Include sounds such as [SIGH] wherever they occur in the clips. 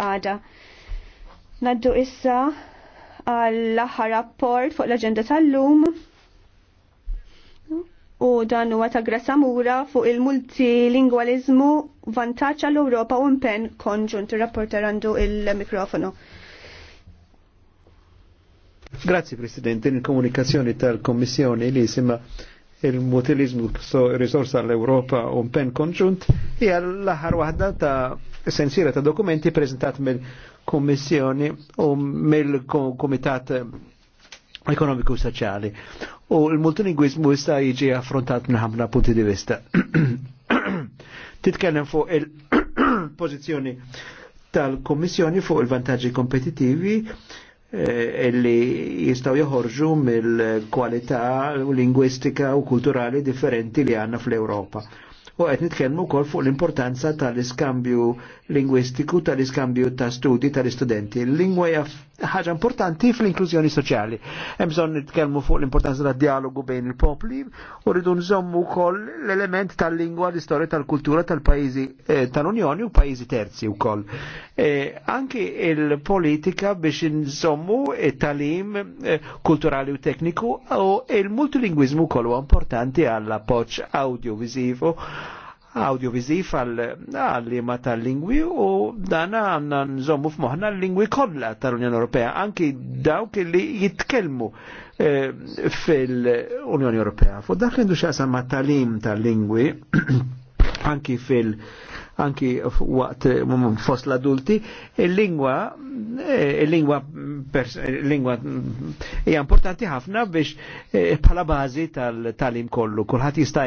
għada. Naddu issa għall-aħħar rapport fuq l-aġenda tal-lum u dan huwa ta' Grasamura fuq il-multilingualizmu vantaġġ għall europa u impenn konġunt. Ir-rapporter għandu il-mikrofonu. Grazzi Presidente, in komunikazzjoni tal-Kommissjoni li sima il-mutilizmu risorsa l-Europa un pen konġunt hija l-aħħar waħda ta' sensira ta' dokumenti prezentat mill-Kommissjoni u mill-Komitat ekonomiku soċjali. U l-multilingwizmu jista' jiġi affrontat minn ħafna punti di vista. [CLEARS THROAT] Titkellem fuq il-pożizzjoni [CLEARS THROAT] tal-Kommissjoni fuq il-vantaġġi kompetittivi eh, illi jistaw joħorġu mill-kwalità lingwistika u kulturali differenti li għanna fl-Europa u qed nitkellmu kol fuq l-importanza tal-iskambju lingwistiku, tal-iskambju ta' studi tal-istudenti. L-lingwa hija ħaġa importanti fl-inklużjoni soċjali. Hemm bżonn nitkellmu fuq l-importanza tad-dialogu bejn il-popli u rridu nżommu kol l-element tal-lingwa, l-istorja tal-kultura tal-pajjiżi eh, tal-Unjoni u pajjiżi terzi wkoll. Eh, anki il-politika biex nżommu it-talim eh, kulturali u tekniku u il multilingwizmu kol kollu importanti għall-appoġġ audiovisivo audiovisiv għal-lima tal-lingwi u dan għanna nżommu f'moħna l-lingwi kollha tal-Unjoni Ewropea, anki dawk li jitkellmu eh, fil-Unjoni Ewropea. Fu dak li ndux ma talim tal-lingwi, [CLEARS THROAT] anki fil- anki waqt mm, fost l-adulti, il-lingwa eh, il-lingwa lingwa mm, hija importanti ħafna biex eh, bħala bazi tal-talim kollu. Kulħadd jista'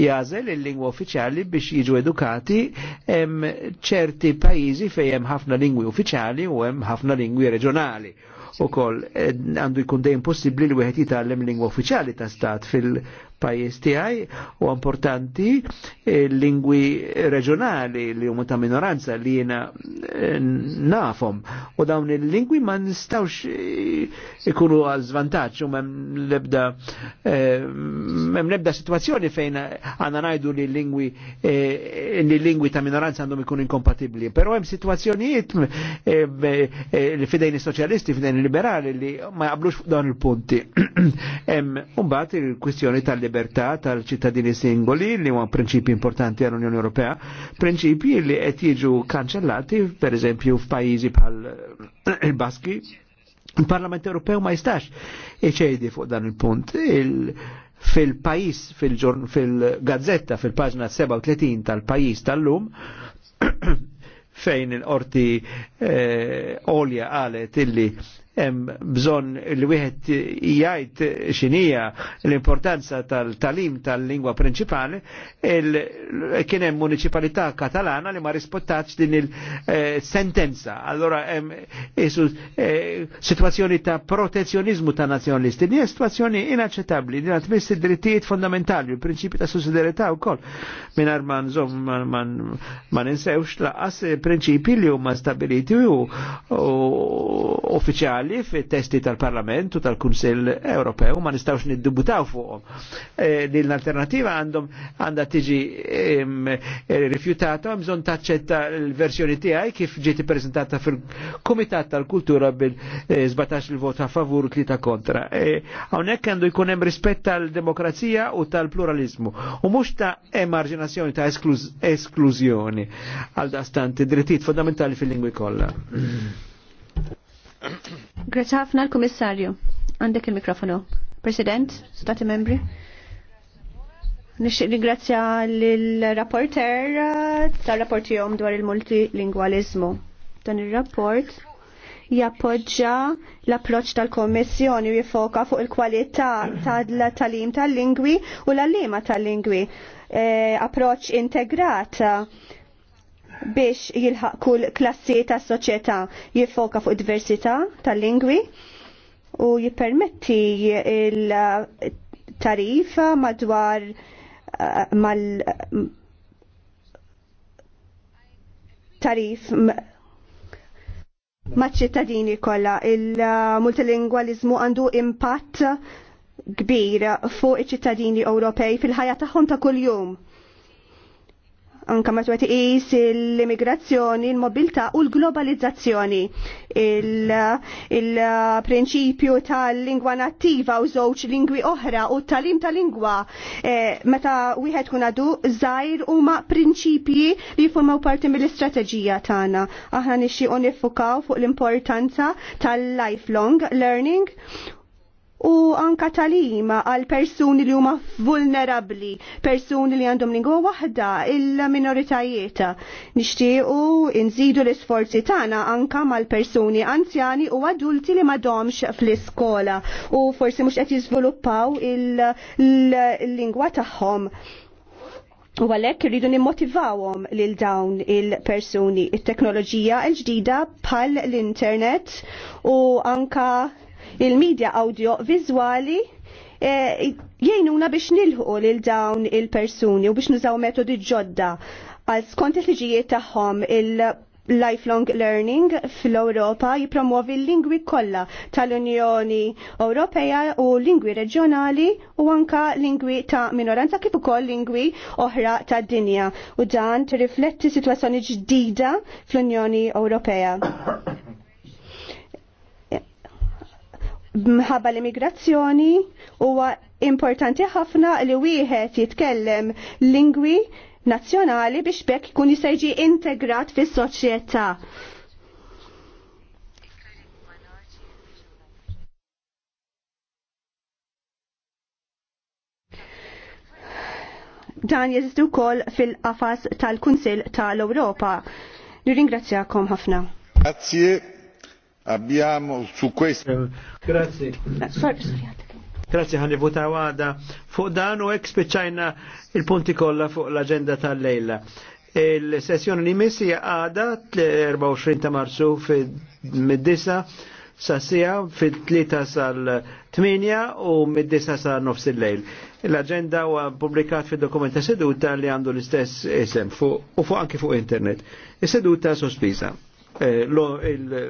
jażel il-lingwa uffiċjali biex jiġu edukati hemm ċerti pajjiżi fejn hemm ħafna lingwi uffiċjali u hemm ħafna lingwi reġjonali u koll eh, għandu jkun dejjem possibbli li wieħed jitgħallem lingwa uffiċjali ta' stat fil-pajjiż tiegħi u importanti eh, lingwi reġjonali li huma ta' minoranza li jiena eh, nafhom u dawn il-lingwi ma nistgħux ikunu għal żvantaġġ u m'hemm lebda hemm lebda sitwazzjoni fejn għandna ngħidu li lingwi li lingwi ta' minoranza għandhom ikunu inkompatibbli. Però hemm sitwazzjonijiet li fidejn is-soċjalisti fidejn liberali li ma jaqblux dan il-punti. Umbat [CLEARS THROAT] il-kwistjoni tal-libertà tal-ċittadini singoli li huwa prinċipi importanti għall-Unjoni Ewropea, prinċipi li qed jiġu kanċellati per eżempju f'pajjiżi bħal [CLEARS THROAT] il-Baski. Il-Parlament Ewropew ma jistax iċejdi fuq dan il-punt. il punt fil-pajis, fil fil-pagġna 37 tal-pajis tal-lum, [CLEARS THROAT] fejn il orti eh, olja għalet illi bżon li wieħed jgħid xinija l-importanza tal-talim tal-lingwa prinċipali, kien hemm municipalità katalana li ma rispottax din il-sentenza. Eh, allora hemm eh, situazzjoni ta' protezzjonizmu ta' nazjonalisti. hija situazzjoni inaċċettabbli, din tmiss id-drittijiet fondamentali, il-prinċipi ta' sussidjarjetà wkoll. Mingħajr ma nżomm ma ninsewx laqas prinċipi li huma stabiliti u uffiċjali attwali fit testi tal-Parlament u tal-Kunsell Ewropew ma nistawx niddubutaw fuqhom. Eh, din l-alternativa għandhom għandha tiġi eh, rifjutata bżonn taċċetta l-versjoni tiegħi kif ġiet ippreżentata fil-Kumitat tal-Kultura bil-17 il-vot a favur u tlieta kontra. Eh, hawnhekk għandu jkun hemm rispett tal-demokrazija u tal-pluralizmu u mhux ta' emarġinazzjoni ta' esklużjoni għal dastant id-drittijiet fondamentali fil-lingwi kollha. Grazie ħafna l-Kummissarju. Għandek il-mikrofonu. President, Stati Membri. Nixtieq ringrazzja lill-rapporter tar-rapportihom dwar il-multilingwaliżmu. Dan ir-rapport jappoġġa l-approċċ tal-Kommissjoni u jifoka fuq il-kwalità tal-talim tal-lingwi u l-allima tal-lingwi. E, approċċ integrata biex jilħaq kull klassi ta' soċjetà jiffoka fuq diversità tal-lingwi u jippermetti il-tarif madwar eh, mal tarif maċ-ċittadini kollha il-multilingualizmu għandu impatt kbir fuq iċ-ċittadini Ewropej fil-ħajja tagħhom ta' kuljum anka matwet is l-immigrazzjoni, l-mobilta u l-globalizzazzjoni. Il-prinċipju il tal-lingwa nattiva u żewġ lingwi oħra u tal-im tal-lingwa eh, meta wieħed kun għadu żgħir huma prinċipji li jformaw parti mill-istrateġija tagħna. Aħna nixtiequ nifukaw fuq l-importanza tal-lifelong learning u anka talima għal persuni li huma vulnerabli, persuni li għandhom lingwa waħda il-minoritajiet. Nixtiequ nżidu l-isforzi tagħna anka mal-persuni anzjani u adulti li m'għadhomx fl-iskola u forsi mhux qed jiżviluppaw il-lingwa tagħhom. U għalek rridu nimmotivawhom lil dawn il-persuni. Il-teknoloġija l-ġdida bħal l-internet u anka il media audio-vizuali eh, jgħinuna biex nilħu lil dawn il-persuni u biex nużaw metodi ġodda għal skont il-liġijiet tagħhom il- lifelong learning fl-Europa jipromuovi l-lingwi kollha tal-Unjoni Ewropea u lingwi reġjonali u anka lingwi ta' minoranza kif ukoll lingwi oħra tad-dinja u dan tirrifletti sitwazzjoni ġdida fl-Unjoni Ewropea. mħabba l-immigrazzjoni huwa importanti ħafna li wieħed jitkellem lingwi nazzjonali biex bekk ikun jista' jiġi integrat fis-soċjetà. Dan jeżistu wkoll fil-qafas tal-Kunsill tal-Ewropa. Nirringrazzjakom ħafna. Grazie. Abbiamo su questo. Eh, grazie. Eh, grazie ħalli votaw għada. Fodano ex China il-punti kollha fuq l-agenda tal-lejla. Il-sessjoni li missi għada 24 marzo marzu mid sa' sija fit-3 sal-8 u mid-disa sa' nofs il-lejl. L-agenda huwa publikat fid dokumenta seduta li għandu l-istess isem u fuq anki fuq internet. Is-seduta sospiża. Eh,